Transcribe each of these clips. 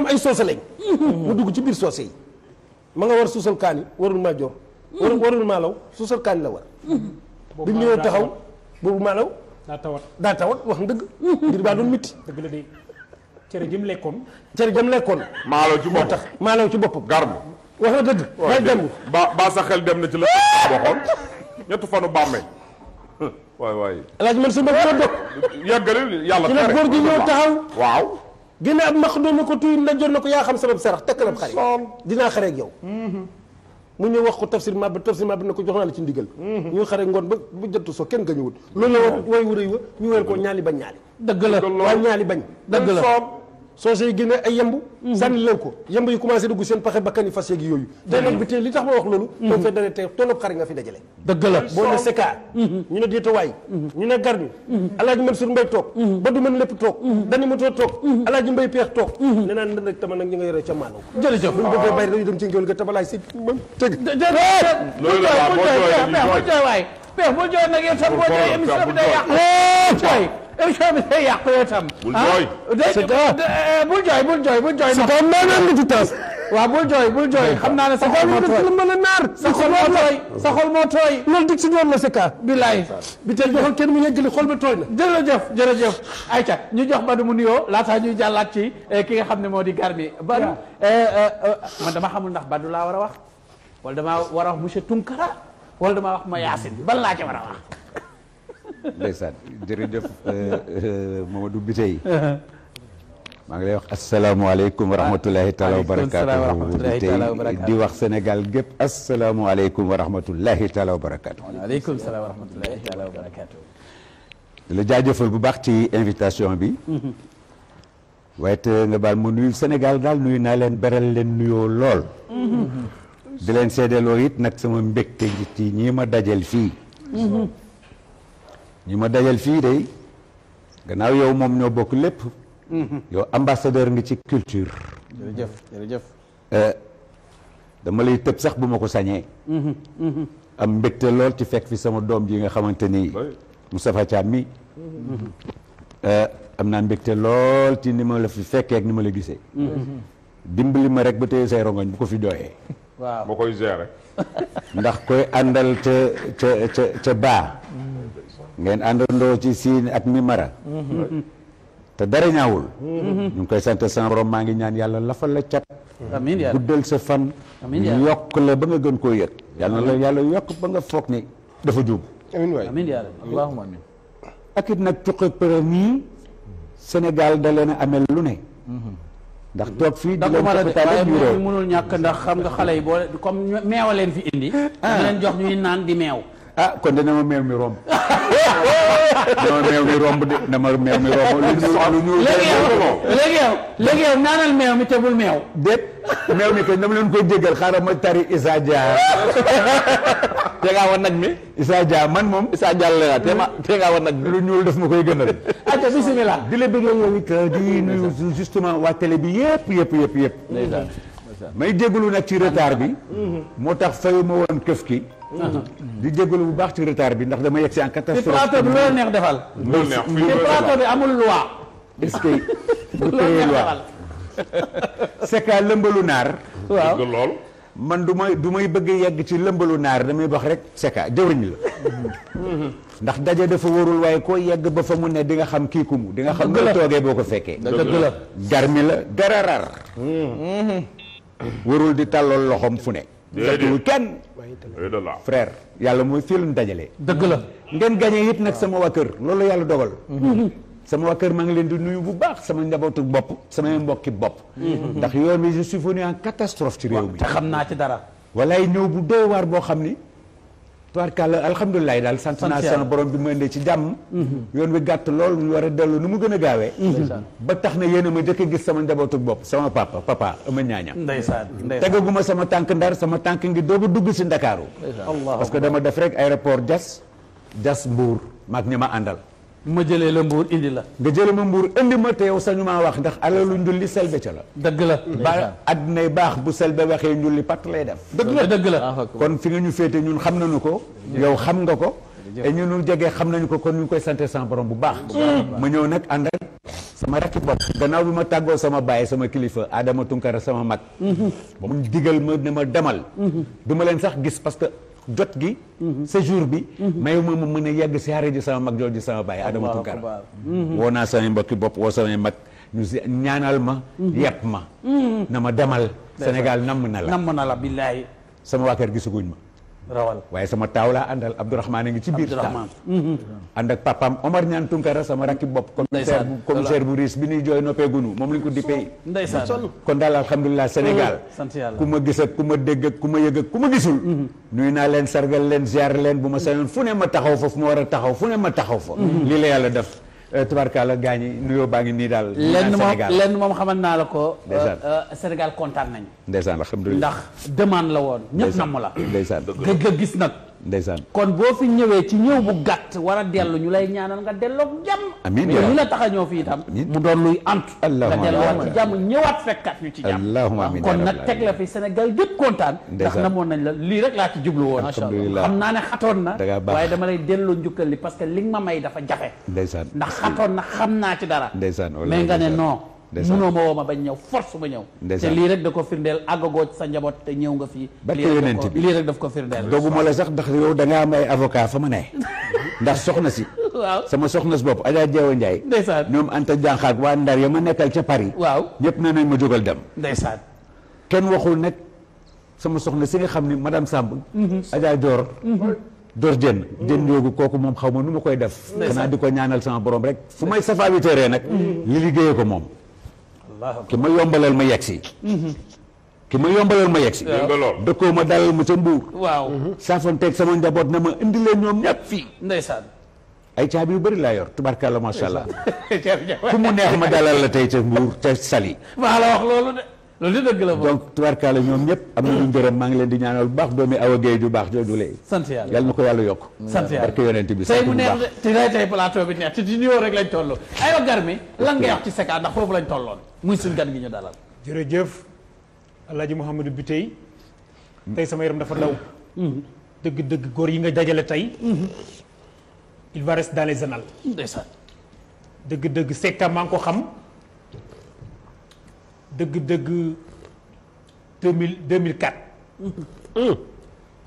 ñoom ay soose lañ mu dugg ci biir soose yi ma nga war suusal kaani warul maa joor warul warul maa law suusal kaani la war bi mu ñëwee taxaw boobu maa law daa tawat daa tawat wax dëgg ngir baa doon mitti de cere jëm lekkoon cere jëm lekkoon maalaw ci boppam tax maalaw ci boppam garmu wax na dëgg ba ba sa xel dem na ci la waxoon ñettu fanu bàmmee waay waay alaaj man si ma dog yàggale yàlla ci la góor gi ñëw taxaw génne ab max doon na ko tuy la jot na ko yaa xam sabab sarax takkal ab xare dinaa xare ak yow mu ñëw wax ko tafsir ma ba tafsir ma ba ne ko jox naa la ci ndigal ñu xare ngoon ba ba jottu so kenn gañuwut loolu la way wuréy wa ñu ween ko ñaali bañ ñaali dëgg la waaye ñaali bañ dëgg la soo yi génne ay yemb mhm. sànni leen ko yemb yi commencé dugg seen paxe bakkan yi fas yeegi yooyu mhm. tey nag bi tey li tax ma wax loolu toog mhm. fee dane tey tollob nga fi dajale dëgg ne sekaar ñu ne déetawaay ñu ne garmi alaaji Mansour Mbaye toog lépp toog dani mu too toog alaaji Mbaye peex toog ne naan ndan ak tama dañu dem ci ngéwél ga tabalaay si mam tëg Öyle yàqeetam. bul jooy. bul a bul jooy bul jooy. su ko mënoon nga ci taas. waaw bul jooy bul jooy xam naa ne sa xol moo tooy mën a naar sa xol moo tooy sa xol moo tooy loolu dig si noonu la si kaa bilaay bi tey joxal kenn mu yeggali xool ba tooy na jërëjëf jërëjëf ayca ñu jox Badou mu nuyoo laataa ñuy jàllaat ci ki nga xam ne moo di Garmi Badou man dama xamul ndax Badou laa war a wax wala damaa war a wax monsieur Tunkara wala damaa wax ma Yacine ban laa ci war a wax ndeysaan jërëjëf euh, euh, Mamadou Biteye maa ngi lay wax asalaamaaleykum wa rahmatulahi taala wa barakaatu tey di wax Sénégal gépp wa barakaatu. waaleykum salaam wa rahmatulahi taala wa barakaatu. la jaajëfal bu baax ci invitation bi. waaye te nga baal ma nuyu Sénégal daal nuyu naa leen beral leen nuyoo lool. Mhm. di leen seedeloo it nag sama mbégte ci ñii ma dajal fii. ñi ma dajal fii day gannaaw yow moom ñoo bokk lépp mm-hmm. yow ambassadeur nga ci culture jërëjëf eh, dama lay tëb sax bu ma ko sañee mm-hmm, mm-hmm. am mbégte lool ci fekk fi sama doom ji nga xamante ni Moustapha Thiam mi eh, am naa mbégte lool ci ni ma la fi fekkee ak ni ma la gisee li ma rek ba tey say rongoñ bu ko fi dooyee waaw ma koy gérer ndax koy àndal ca ca ca ca baa ngeen àndandoo ci siin ak mimara te dara ñaawul ñu koy sant san borom maa ngi ñaan yàlla lafal la cat amiin yàlla guddal sa fan yokk la ba nga gën koo yëg yàlla la yàlla yokk ba nga foog ni dafa juub amiin waay amiin yàlla allahumma nag cuqi Sénégal da leen a lu ne mhm. ndax toog fii di leen waaye mënul ñàkk ndax xam nga xale yi boo comme meewa leen fi indi ñu ah. leen jox ñuy naan di meew ah kon de na ma meew mi romb na ma meew mi romb de na ma mi romb lu ñu léegi yow léegi yow léegi yow meew mi te bul meew déet meew mi kañ dama leen koy jéggal xaaral ma tari Issa Dia te ngaa mi Issa Dia man moom Issa Dia la te ma mi lu ñuul daf ma koy gënal aca bisimilah di la bëggee yow it di justement waa télé bi yëpp yëpp yëpp yëpp may jégalu nag ci retard bi. moo tax fayuma woon këf ki. di jégalu bu baax ci retard bi ndax dama yegg si en catastrophe. ci plateau bi loolu neex defal. loolu neex amul loi. lëmbalu naar. waaw lool. man du may du may bëgg yegg ci lëmbalu naar damay wax rek seka jëwriñ la ndax daje dafa warul waaye koo yegg ba fa mu ne di nga xam kii ku mu di nga xam noo toogee boo ko fekkee dëgg la gar mi la dararar mm-hmm. warul di tàllal loxoom fu ne. déedéet kenn. frère yàlla mooy fii dajale. dëgg la ngeen gañee it nag sama waa kër loolu yàlla dogal. sama waa kër maa ngi leen di nuyu bu baax sama njabootu bopp samay mbokki bopp. ndax yoon bi je suis venu en catastrophe. ci réew mi te xam naa ci dara. walaay ñëw bu doy waar boo xam ni. tubaarkàlla alhamdulilah daal sant naa sama borom bi ma indee ci jàmm mhm. yoon bi gàtt lool ñu war a dellu ni mu gën a gaawee mhm. ba tax na yéen ma jëkk a gis sama njabootu bopp sama papa papa ama ñaaña tegaguma sama tànk ndar sama tànk ngi doog a dugg si ndakaaru parce que dama def rek aéroport jas jas mbuur maag ñi ma àndal ma jëlee la mbuur indi la nga jëlee ma mbuur indi ma te yow sañu maa wax ndax alalu njulli selbe ca la dëgg la ba addinay baax bu selbe waxee njulli pat lay def dëgg la dëgg la kon fi nga ñu féete ñun xam nañu ko yow xam nga ko et ñu nu xam nañu ko kon ñu koy sante sans borom bu baax ma ñëw nag ànd ak sama rakki bopp gannaaw bi ma tàggoo sama baay sama kilifa Adama Tunkara sama mag mhm. mu digal ma ne demal mhm. du leen sax gis parce jot gi mhm. séjour bi mayu ma ma mën a yegg siyaare ji sama mag jooju sama baay Adama Tunkara mhm. mhm. woo naa samay mbokki bopp woo samay mag ñu si ñaanal ma yepp ma na ma demal Sénégal nam na la na la billaahi sama waa kër gisuguñ ma rawal waaye sama taaw laa àndal Abdourahmane a ngi ci biir taa mhm. ànd ak papam Omar Ñaan Tunkara sama rakki bopp commissaire bu commissaire bu riis bi ñuy jooy noppeegunu moom lañ ko dippee ndeysaan kon daal alhamdulilah Sénégal sant yàlla ku ma gis ak ku ma dégg ak ku ma yëg ak ku ma gisul mhm. nuyu naa leen sargal leen ziar leen bu ma sañoon fu ne ma taxaw fa fu ma war a taxaw fu ne ma taxaw fa mhm. lii la yàlla def Euh, tubarkalla la ñi nuyoo baa ngi nii daal. lenn moom lenn moom xamal naa la ko. Euh, euh, Sénégal kontaan nañu. ndeysaan alhamdulilah ndax demande la woon. ñëpp namm la. ndeysaan dëgg gis nag. ndeysaan kon boo fi ñëwee ci ñëw bu gàtt war a dellu mm. ñu lay ñaanal nga delloog jàmm la tax a ñëw fii itam mu doon luy antu nga delluwaat ci jàmm ñëwaat fekkat ñu ci jàmm amiin kon nag teg la fi Sénégal gépp kontaan ndax moon nañ la lii rek laa ci jublu woon alhamdulilah xam naa ne xatoon na waaye dama lay delloo njukkal li parce que li nga ma may dafa jafe ndeysaan ndax xatoon na xam naa ci dara ndeysaan mais nga ne noo munoo ma woo ma bañ ñëw force ma ñëw te lii rek da ko firndeel àggagoo sa njaboot te ñëw nga fii barke yonent bi lii rek daf ko firndeel doguma la sax ndax yow da ngaa am ay avocat fa ma ne ndax soxna si sama soxna si bopp Adja Jeewa Ndiaye ndeysaan ñoom Anta Diakhak waa Ndar ya ma nekkal ca Paris waaw ñëpp ne nañ ma jógal dem ndeysaan kenn waxul nag sama soxna si nga xam ni madame Samb mhm. Adja Dior dor jën jën yoogu kooku moom xaw ma nu ma koy def xanaa di ko ñaanal sama borom rek fu may safaawiteeree nag mhm. li liggéeyee ko moom ki ma yombalal ma yegg si mhm. ki ma yombalal ma yegg si dëkkoo ma dalal ma ca mbuur waaw mhm. saafanteeg sama njaboot na ma indi leen ñoom ñëpp fii ndeysaan ay caabi yu bëri laa yor tubarkalla macha allah fu mu neex ma dalal la tey ca mbuur ca sali maa la wax loolu de loolu ñoom ñëpp am ngi leen di ñaanal bu baax doomi awa géey ju baax jooju lay ko yàlla yokk sant yàlla barke yonent bi tey mu neex de tey bi neex te di nuyoo rek lañ toll aywa gar mi lan ngay ci Secka ndax foofu lañ tolloon muy suñ gan gi ñu jërëjëf El Hadj Mouhamadou Biteye tey sama yaram dafa daw. dëgg-dëgg góor yi nga dajale tey. il va rester dans dëgg-dëgg Secka maa ngi ko xam dëgg-dëgg deux mil deux mille quatre.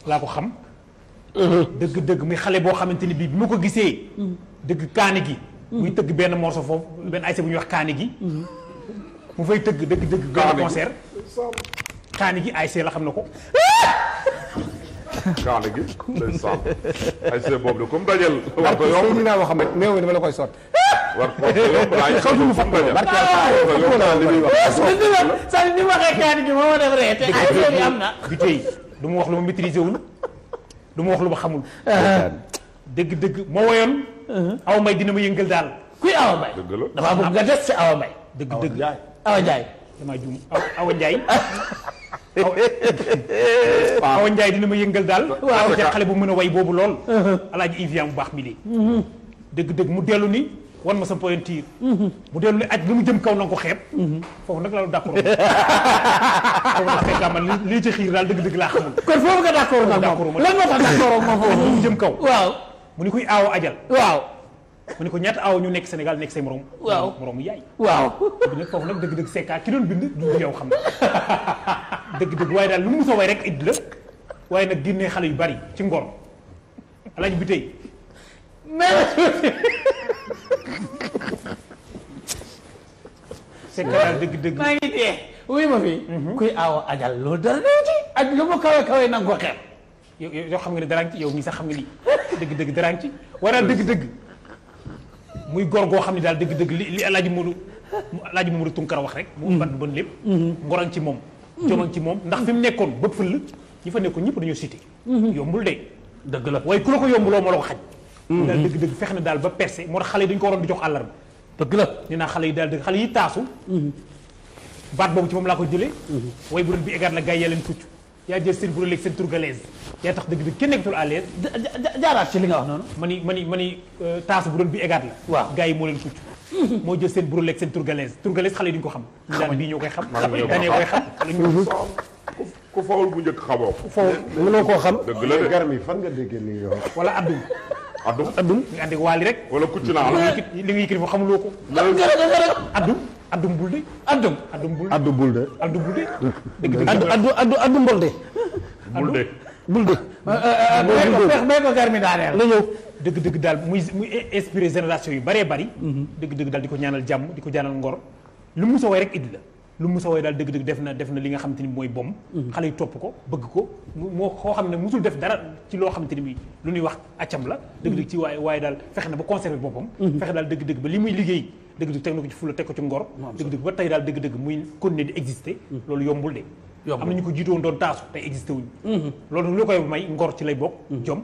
laa ko xam. dëgg-dëgg muy xale boo xamante ni bii bi ma ko gisee. dëgg kaani gi. muy tëgg benn morceau foofu benn ayse bu ñuy wax kaani gi. mu fay tëgg dëgg dëgg. gaawle concert kaani gi ASC la xam na ko. kaani gi day sàmm ASC boobu comme dajal. war ko yomb naa wax rek néew dama la koy sotti. war ko yomb naa yomb xamuñu fa mu dajal. waaw ni waxee kaani gi moo def ree te ASC bi am na. bi tey du ma wax lu ma maîtriser wul du ma wax lu ma xamul. dëgg dëgg moo woyoon. Uh-huh. aw may dina ma yëngal daal. kuy awa may. dëgg la damaa bëgg nga des ci awa may. dëgg dëgg. Awa Ndiaye. damaa juum Awa Ndiaye. Awa Ndiaye dina ma yëngal daal. waaw xale bu mën a way boobu lool. Uh-huh. alaaji Ivian bu baax mi lii. Mm-hmm. dëgg-dëgg mu dellu ni wan ma sa pointure. Mm-hmm. mu dellu ni aj lu mu jëm kaw na ko xeeb. Mm-hmm. foofu nag la d' accord foofu nag fekk man dëgg-dëgg laa xamul. kon foofu nga d' accord nag moom lan lu mu jëm kaw waaw mu ni kuy aawo ajal waaw. mu ne ko ñett aw ñu nekk Sénégal nekk say morom. waaw moromu yaay. waaw bi dëgg-dëgg Secka ki doon bind du yow xam na dëgg-dëgg waaye daal lu mu mos a way rek it la waaye nag génnee xale yu bari ci ngor alaaj bi daal dëgg-dëgg. maa ngi dee wuyu ma fi. Mhm. kuy aawa ajal loolu dara nee ci. ak lu mu kawe kawe na ko xeeb. yow xam nga ne daraan ci yow mii sax xam nga ni dëgg-dëgg daraan ci. wala dëgg-dëgg. muy góor goo xam ne daal dëgg-dëgg li li alaaji Modou alaaji Modou Tunkara wax rek mu mm-hmm. ban ban lépp mm-hmm. ngoran ci moom mm-hmm. joman ci moom ndax fi mu nekkoon bët fëll ñi fa nekkoon ñëpp dañoo cité yombul de dëgg la waaye ku la ko loo moo la ko xaj daal dëgg-dëgg fex na daal ba percé moo tax xale yi dañu ko waroon di jox àllarba dëgg la nee naa xale yi daal dëgg xale yi taasu baat boobu ci moom laa ko jëlee waaye bu doon bi égaat la gars yi leen yaa jël seen bu léegi seen turgalaise yaa tax dëgg-dëgg kenn nekkatul à l'aise jaaraat ci li nga wax noonu ma ni ma ma ni euh, taas bu doon bi égaat la waaw moo leen kucc moo jël seen buró leeg seen xale yi duñu ko xam daan bii ñoo koy xam daanee koy xam ku fawul bu njëkk xamoo ku fawul mënoo koo xam dëgg la de garmi fan nga déggee li yow wala abdum abdum abdum nga waali rek wala kucc naa li nga yëkkati foofu xamuloo addu mbulde addum addu mbulde addu bulde addu bulde addu addu addu mbolde bulde bulde ko garmi daaneel la dëgg dëgg daal muy muy inspiré génération yu bëree bari mhm. dëgg dëgg daal di ko ñaanal jàmm di ko ñaanal ngor lu mu musa way rek idi la lu mu musa way daal dëgg dëgg def na def na li nga xamante ni mooy bom mhm. xale yi topp ko bëgg ko moo koo xam ne musul def dara ci loo xamante ni bi lu ñuy wax accam la mhm. dëgg dëgg ci waaye waaye daal fex na ba conserver boppam fexe daal dëgg dëgg ba li muy liggéey dëgg-dëgg teg na ko fulla teg ko ci ngor dëgg-dëgg ba tey daal dëgg-dëgg muy continuer di exister mm-hmm. loolu yombul de am na ñu ko jiitoon doon taasu tey existé wuñu mm-hmm. loolu lu koy may ngor ci lay bokk mm-hmm. jom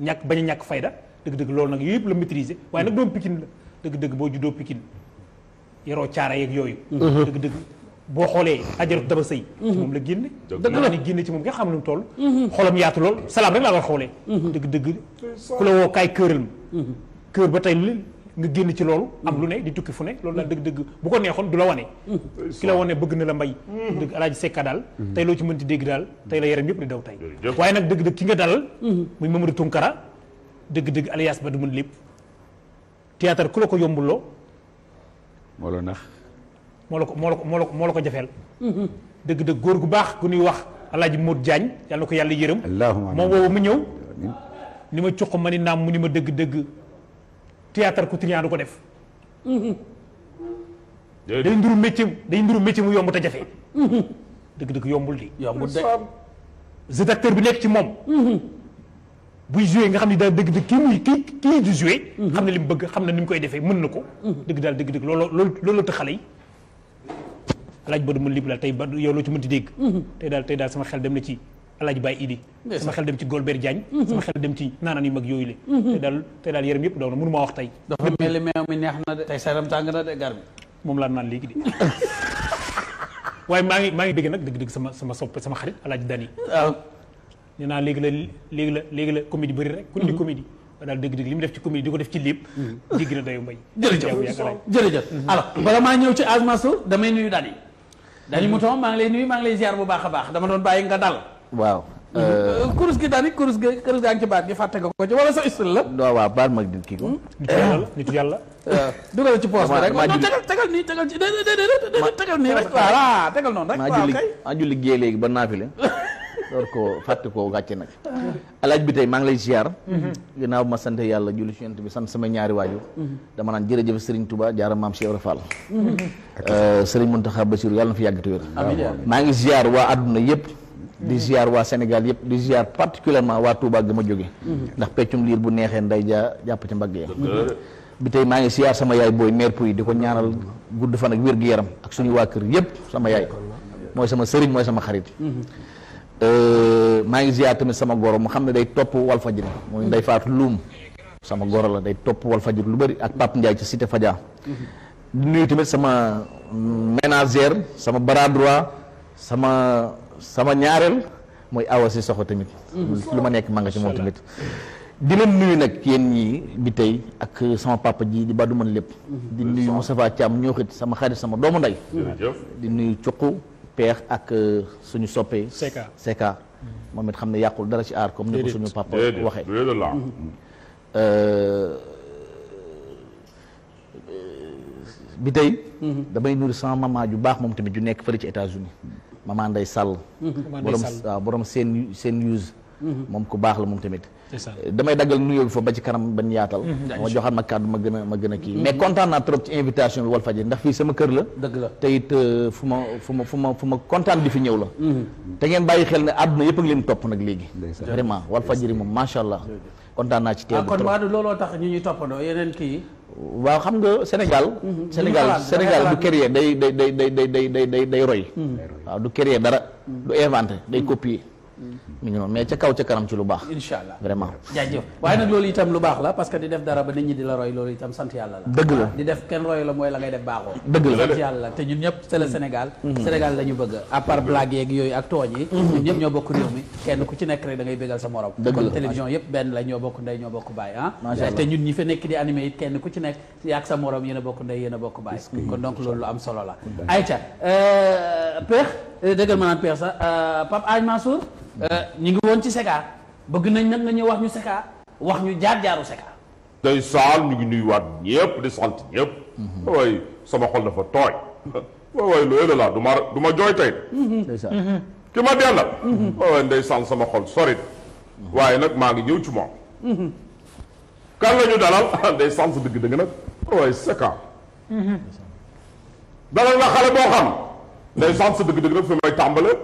ñàkk ba a ñàkk fayda dëgg-dëgg loolu nag yooyu yëpp la maîtriser waaye nag doom pikin la dëgg-dëgg boo juddoo pikin yaroo caara yeeg yooyu dëgg-dëgg boo xoolee ajaratu daba sëy ci moom la génne dëgg la ni génne ci moom nga xam ne mu toll xolam yaatu lool salaam rek laa war xoolee dëgg-dëgg ku la woo kaay këral nga génn ci loolu mm-hmm. am lu ne di tukki fu ne loolu daal mm-hmm. dëgg-dëgg bu ko neexoon du la wane mm-hmm. ki la wane bëgg na la mbay dëgg alaaji sekka daal tey loo ci mënti dégg daal tey la yaram yëpp di daw tey waaye nag dëgg-dëgg ki nga dalal muy Mamadou Tunkara dëgg-dëgg alias ba du mën lépp théâtre ku la ko yombuloo moo la nax ko moo moo moo la ko jafeel dëgg-dëgg góor gu baax gu nuy wax alaaji Modou Diagne yàlla ko yàlla yërëm moom boobu mu ñëw ni ma cuq ma ni naam mu ni ma dëgg-dëgg théâtre quotidien du ko def. Mm-hmm. day nduru métier day nduru métier mu yomb te jafe. Mm-hmm. dëgg-dëgg yombul di. yombul de cet acteur bi nekk ci moom. Mm-hmm. buy joué nga xam ne daal dëgg-dëgg kii muy kii kii di xam ne li mu bëgg xam na ni mu koy defee mën na ko. dëgg daal dëgg-dëgg looloo loolu loolu te xale yi. laaj ba du mën lépp daal tey ba yow loo ci mënti dégg. tey daal tey daal sama xel dem na ci. Alaaji Baye Idi sama xel dem ci Golbert Diagne mhm. sama xel dem ci naanaan yu mag yooyu le mhm. te daal te daal yaram yëpp daw na wax tey dafa mel ni meew mi la léegi la léegi la comédie bëri rek ku ne di mhm. comédie daal dëgg-dëgg li mu def ci comédie di ko def ci lépp jéggi na dayo mbay jërëjëf jërëjëf alors bala maa ñëw nuyu Dani Dani mu toom maa ngi lay nuyu maa ngi lay ziar bu baax a baax dama doon bàyyi nga dal waaw. Euh, kurus gi daal ni kurus gi kurus gaa ngi ci baat gi fàtte nga ko ci wala sa istil la. waaw hmm? waaw baal ma kii ko. Hmm? nit yàlla nit yàlla. Euh, dugal ci poos bi rek ma tegal tegal nii tegal ci déedéet tegal nii rek. voilà tegal noonu rek waaw kay maa julli ko fàtte koo bi tey maa ngi lay ziar. Mm-hmm. ginnaaw ma sant yàlla julli ci yent bi sant sama ñaari waajur. Mm-hmm. dama naan jërëjëf Serigne tubaa jaara maam Cheikh Ibra Fall. Mm-hmm. Euh, Serigne Mountakha Bassirou yàlla na fi yàgg te maa ngi ziar waa àdduna yëpp. di mm-hmm. ziar waa Sénégal yëpp di ziar particulièrement waa Touba gi ma jóge mm-hmm. ndax peccum liir bu neexee nday ja jàpp ci mbagg bi tey maa ngi ziar sama yaay booy maire puy di ko ñaanal mm-hmm. gudd fan ak wér gu yaram ak suñu waa kër yëpp sama yaay mooy sama sëriñ mooy sama xarit euh, maa ngi ziar tamit sama goro mu xam ne day topp Walfadjri mooy nday faatu luum sama goro la day topp Walfadjri lu bëri ak Pape Ndiaye ci cité Fadia di nuyu tamit sama ménagère sama sama ñaareel mooy awa si soxo tamit mm. lu ma nekk ma nga ci moom tamit di nuyu nag yéen ñii bi tey ak sama papa ji di ba du lépp mm-hmm. di nuyu Moustapha Thiam ñëw xit sama xarit sama doomu ndey mm-hmm. di nuyu cuq peex ak euh, suñu soppee Seka mm-hmm. moom it xam ne yàqul dara ci aar comme ni ko suñu papa waxee euh, euh, bi tey damay nuyu sama maman ju baax moom tamit ju nekk fële ci États-Unis maman Ndeye Sall. borom waaw ah, borom seen seen use. Mhm. moom ku baax la moom tamit. Eh, damay daggal nuyoo bi foofu ba ci kanam ban yaatal. Mhm. ma joxaat ma kàddu ma gën a ma gën kii. Mhm. mais kontaan naa trop ci invitation bi Walfadjri ndax fii sama kër la. dëgg la te it eh, fu ma fu ma fu ma fu ma kontaan di fi ñëw la. te ngeen bàyyi xel ne àdduna yëpp a ngi leen topp nag léegi. vraiment Walfadjri moom macha allah. kontaan naa ci teew bi ah, trop kon looloo tax ñu ñuy toppandoo yeneen kii waaw xam nga Sénégal. Mhm. Sénégal Sénégal du créer day day day day day day day roy. Mhm. waaw du créer dara. Mhm. du inventé day copier. mi mais ca kaw ca kanam ci lu baax. incha allah waaye nag loolu itam lu baax la parce que di def dara ba nit ñi di la roy loolu itam sant yàlla la. dëgg la di def kenn roy la mooy la ngay def baaxoo. dëgg loolu am solo la. ayca euh, peex euh, dëggal ma naan peex sax euh, Pape Aj Mansour Euh, ñu ngi woon ci Secka bëgg nañ nag nga ñëw wax ñu Secka wax ñu jaar-jaaru Secka. day saal ñu ngi nuyuwaat ñëpp di sant ñëpp. Mhm. waaye sama xol dafa tooy. waaw du ma du ma jooy tey. Mhm. Mhm. ma dellal. waaw waaye sama xol sori na. waaye nag maa ngi ñëw ci moom. kan la ñu dalal ndeysaan sa dëgg dëgg nag. waaye Secka. dalal na xale boo xam. ndeysaan sa dëgg dëgg nag fi may tàmbale.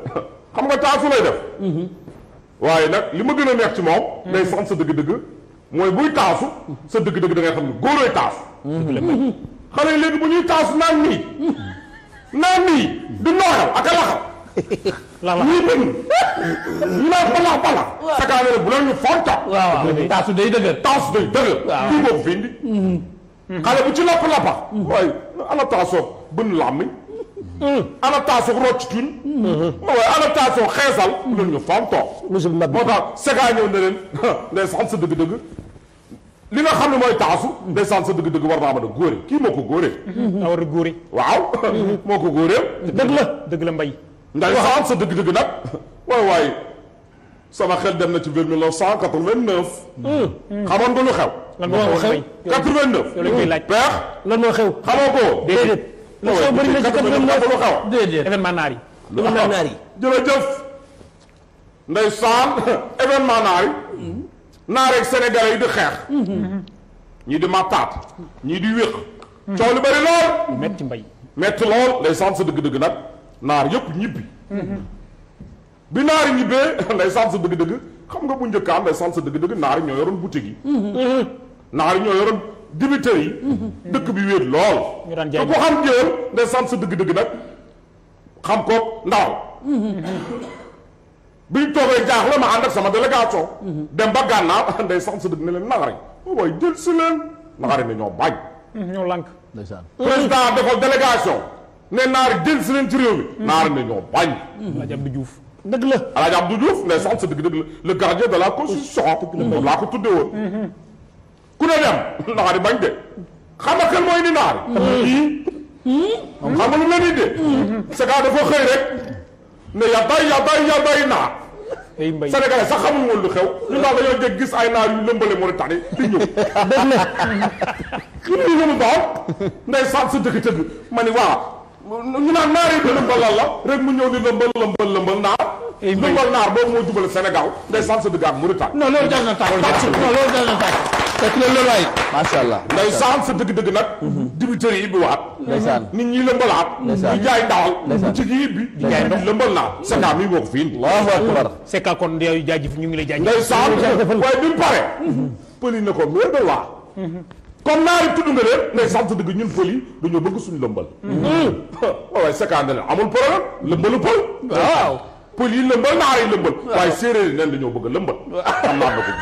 xam nga taasu lay def. Mhm. waaye nag li ma gën a neex ci moom. Mhm. day saxam dëgg-dëgg. mooy buy taasu sa dëgg-dëgg da ngay xam ne góoroy taasu. Mhm. yi taasu naan nii naan nii di nooyal ak laxal. lala ñuy bëgg ñu naan palax bu la ñu taasu day dëgër. taasu day dëgër. waaw ci lapp lappax. ala taasoo bën làmmiñ ana taasoo rocc tuñ. waaye ana taasoo xeesal. ñun ñu foog toog. monsieur Mbadou moo tax Sega ñëw na leen ndeysaan sa dëgg-dëgg. li nga xam ne mooy taasu. ndeysaan sa dëgg-dëgg war naa mën a góore kii moo ko góoree. daa war a góore. waaw moo ko góoree. dëgg la dëgg la mbay. ndeysaan sa dëgg-dëgg nag waay waay sama xel dem na ci vers 1989. xamoon nga lu xew. lan moo xew 89. yow lañ koy laaj peex lan moo xew xamoo ko déedéet. émission bëri na ci a déedéet événement naar yi. événement naar yi. jërëjëf ndeysaan événement ak di xeex. Mhm. ñii di mataat. ñii di wéq. coow lu lool. metti mbay. metti lool ndeysaan sa dëgg-dëgg nag naar yëpp ñibbi. Mhm. bi naari ñibbee ndeysaan sa dëgg-dëgg xam nga bu njëkkaan ndeysaan sa dëgg-dëgg naari ñoo yoroon boutique yi. Mhm. naari ñoo yoroon. débiteur yi. dëkk bi wéet lool. ñu daan jaay te ku xam dëgg-dëgg nag xam ko ndaw. bi ñu toogee jaaxle ma ànd ak sama délégation. dem ba gànnaar ndey sax sa dëgg ne leen naxari oh waaye jël si leen naxari ne ñoo bañ. ñoo lànk. ndeysaan président defal délégation ne naar jël si leen ci réew mi. naar ne ñoo bañ. Alaaji Abdou Diouf. dëgg la Alaaji Abdou Diouf ne sax sa dëgg dëgg la le gardien de la constitution. dëgg la moom laa ku ne dem naxari bañ de xam nga kan mooy ni naar hmm. hmm? xam nga lu la nit de hmm. Sénégal dafa xëy rek ne ya bay ya bay ya bay naa sax xamul woon lu xew ñu daal dañoo jëg gis ay naar yu lëmbale Mauritanie di ñëw dëgg la ñu lii lu mu baax nday saat sa dëkk tëgg ma ni waa ñu naan naaree de lëmbal lan la rek mu ñëw ni lëmbal lëmbal lëmbal naar. lëmbal naar boobu moo jubal Sénégal day sant sa diggaag Mauritanie. non loolu jar na tàkk non loolu jar na tàkk. fekk na loolu waay. macha allah day sant sa dëgg-dëgg nag. Mhm. dibitër yi bi waat. ndeysaan nit ñi lëmbalaat. ndeysaan di jaay ndaal. ndeysaan ci yi bi di jaay ndax lëmbal naar. Mm. Seka mi woo ko fii. allahu akbar Seka kon yooyu jaajëf ñu ngi lay jaajëf. ndeysaan waaye bi mu pare. Mhm. pëli na ko meer de waa comme naari tudd nga leen mais sax dëgg ñun pël yi dañoo bëgg suñu lëmbal hmm. waaye seconde na amul problème lëmbalu pël waaw pël yi lëmbal naar yi lëmbal waaye séeréer yi neen dañoo bëgg a lëmbal xam naa na ko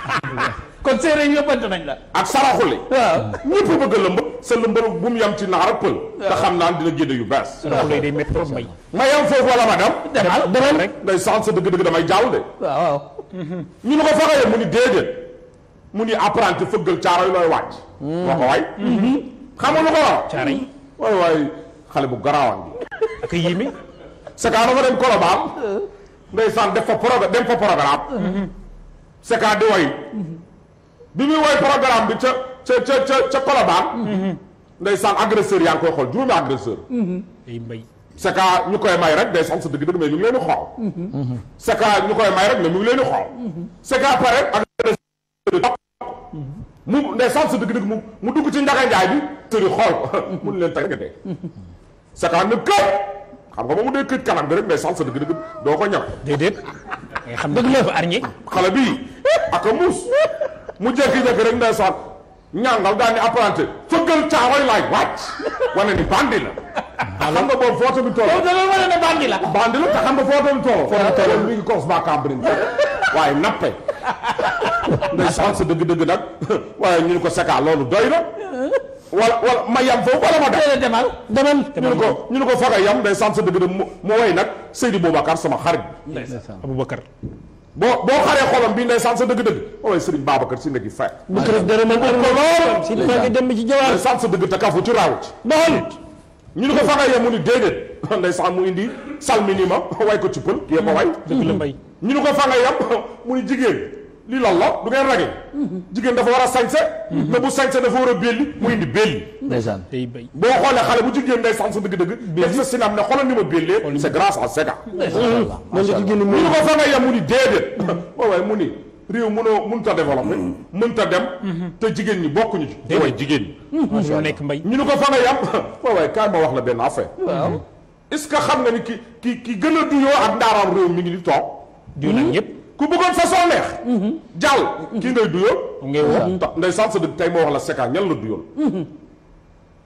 kon séeréer yi yóbbante nañ la ak saraxule waaw ñëpp bëgg a lëmbal sa lëmbal bu mu yam ci naar ak pël te xam naa dina génne yu bees saraxule day métti trop may ma yam foofu wala ma dem demal demal day sax sa dëgg-dëgg damay jaaw de ñu nu ko faxaye mu ni déedéet mu ni apprenti fëggal caaro yi looy wàcc. Hmm. moo ko waay. Hmm. xam nga lu ko waral. caaro yi waay waay xale bu garaawaan bi. ak yimi. def fa pro dem fa programme. Hmm. Seka di way. bi muy way programme bi ca ca ca ca ca Colobane. ndeysaan agresseur yaa ngi koy xool juróomi agresseur. day mbay. ñu koy may rek ndeysaan sa dëgg-dëgg mais may rek mais ñu ngi leen di mu ndeysaan sa dëgg-dëgg mu mu dugg ci njaga njaay bi sëri xool mun leen taggatee sa kër xam nga ba mu dee këj kanam bi doo ko ñor déedéet eh, xam dëgg la fa arñi a muus mu jékki-jékki rek ndeysaan ñàngal daal ni apprenti fëggal caaroy laay wane ni bandi la xam nga boobu footo bi toll da leen wane ne bandi la bandi la te xam nga footo bi toll footo bi toll mi ngi kos ba Cambérène waaye nappe nday saan sa dëgg-dëgg nag waaye ñu ne ko saka loolu doy na wala wala ma yam foofu wala ma def demal demal ñu ne ko ñu ne ko faga yam nday sa dëgg dëgg mu way nag Seydi Boubacar sama xarit Aboubacar boo boo xaree xolam bii ndeysaan sa dëgg-dëgg waaye Serigne Babacar si nekk fay. bu tërëf dara man. lool si maa ngi dem ci jawaar. ndeysaan sa dëgg te kafu ci ñu ne ko fa nga yem mu ni déedéet ndeysaan mu indi ni ma way ko ci pël kii ko way dëgg la mbay ñu ne ko fa nga yem mu ni jigéen li lan la du ngeen rage jigéen dafa war a sañse mais bu sañse dafa war a belli mu indi belli ndeysaan tey bay boo xoolee xale bu jigéen ndeysaan sa dëgg-dëgg def sa sinam ne xoolal ni ma bellee c'est grâce à Sega ñu ne ko fa mu ni déedéet waaw mu ni réew mënoo mënut a développé. Mm-hmm. mënut a dem. Mm-hmm. te jigéen ñi bokkuñu ci. déedéet jigéen ñi. Mm-hmm. macha nekk mbay ñu ne ko fa nga yam waaw waaye kaay ma wax la benn affaire. waaw est-ce que xam nga ni ki ki ki gën a duyoo ak ndaaraam réew mi ngi di toog. diw nag ñëpp ku bëggoon façon neex. jàll kii ngay duyoo. ngay woo ndeysaan sa dëkk tey ma wax la Secka ñan la duyoon.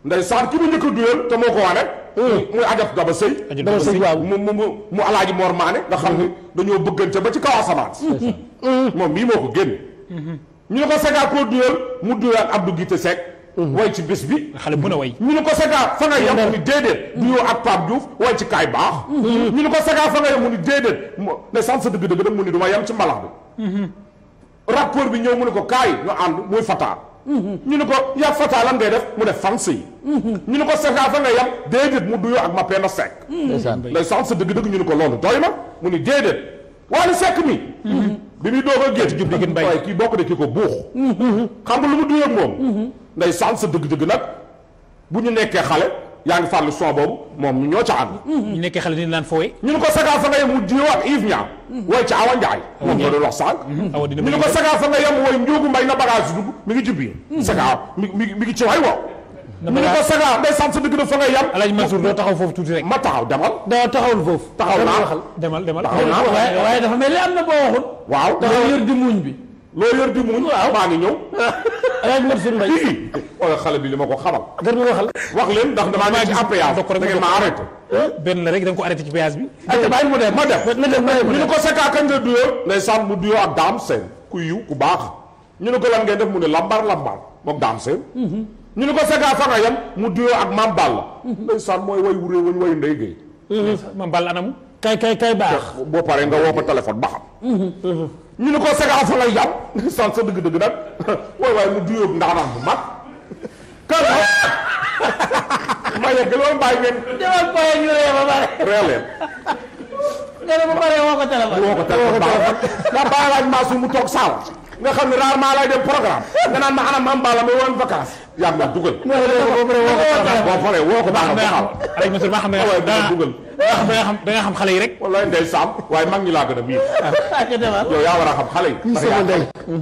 ndeysaan ki mu njëkk a te moo ko wane. muy ajab gaba a gaba sëy waaw mu mu mu alaaji Mor Maane nga xam ne mm-hmm. dañoo bëggante ba ci kaw asamaan mm-hmm. moom mii moo ko génn mm-hmm. ñu ne ko Sega koo duyal mu duyal Abdou Guité Seck way ci bés bi xale bu ne way ñu ne ko Sega fa nga yem mu ni déedéet duyoo ak Pape Diouf way ko Sega fa nga yem mu ne sans sa dëgg-dëgg da mu ni du ma yem ci mbalax bi rapport bi ñëw mu ne ko kaay ñu ànd muy fataar ñu ne ko yaa Fata lan ngay def mu ne fans yi. ñu ne ko Seka fa nga yam déedéet mu duyoo ak Mapenda Seck. ndeysaan lay soxal sa dëgg-dëgg ñu ne ko loolu doy na mu ni déedéet Wally Seck mi. Mm-hmm. bi muy doog a génn jub digin bay kii bokk de kii ko buux. Mm-hmm. xam nga lu mu duyoo ak moom. Mm-hmm. nday soxal sa dëgg-dëgg nag bu ñu nekkee xale. yaa ngi fàttali son boobu moom ñoo ca ànd. Mm-hmm. ñu nekkee xale dinañ naan fooyee. ñu ko sagaa fa nga yem mu jiwaat Yves Niang. Mm-hmm. wooy ca Awa Ndiaye. moom nga doon wax sànq. Mm-hmm. ñu nga yem mi ngi jubbi. sagaa mi mi mi ngi ci sa dëgg na fa nga yem. El Hadj taxaw foofu ma taxaw demal. doo taxawul foofu. taxaw naa demal demal taxaw naa waaye dafa mel ni am na waaw taxaw yor di muuñ bi loo yor di muñ waaw maa ngi ñëw. alaaj xale bi li ma ko xamal. dara ma xamal. wax leen ndax damaa nekk ci péage da ngeen maa arrêté. benn la rek da nga ko arrêté ci péage bi. ayca mu def ma def ñu ne ko Seka kañ la duyoo. ndeysaan mu duyoo ak daam seen ñu ne ko lan ngeen def mu ne lambar lambar moom daam mhm. seen. ñu ne ko Seka fa nga yem mu duyoo ak maam Balla. Mhm. ndeysaan mooy way wuree wañ wayu ndey gay. Mhm. maam Balla anamu. kay kay kay baax. boo paree nga woo ko téléphone ba ñu ne ko sagaa fa lay yam san sa dëgg-dëgg nag waaye waaye mu duyóob ndaanaan bu mag kër ma yegg loolu bàyyi ngeen demal pare ñu ree ba pare ree leen nga ne bu paree woo ko téléphone woo ko téléphone ndax bàyyi laaj maasu mu toog saawa nga xam ne rarement lay dem programme nga naan ma anam maam Balla ma woon vacance yaa ma dugal boo paree woo ko baax boo paree woo ko baax baax ma xam ne dugal da nga xam da nga xam xale yi rek. wallaay ndey saam waaye mag ñi laa gën a miin. Ah, yow a xam xale yi.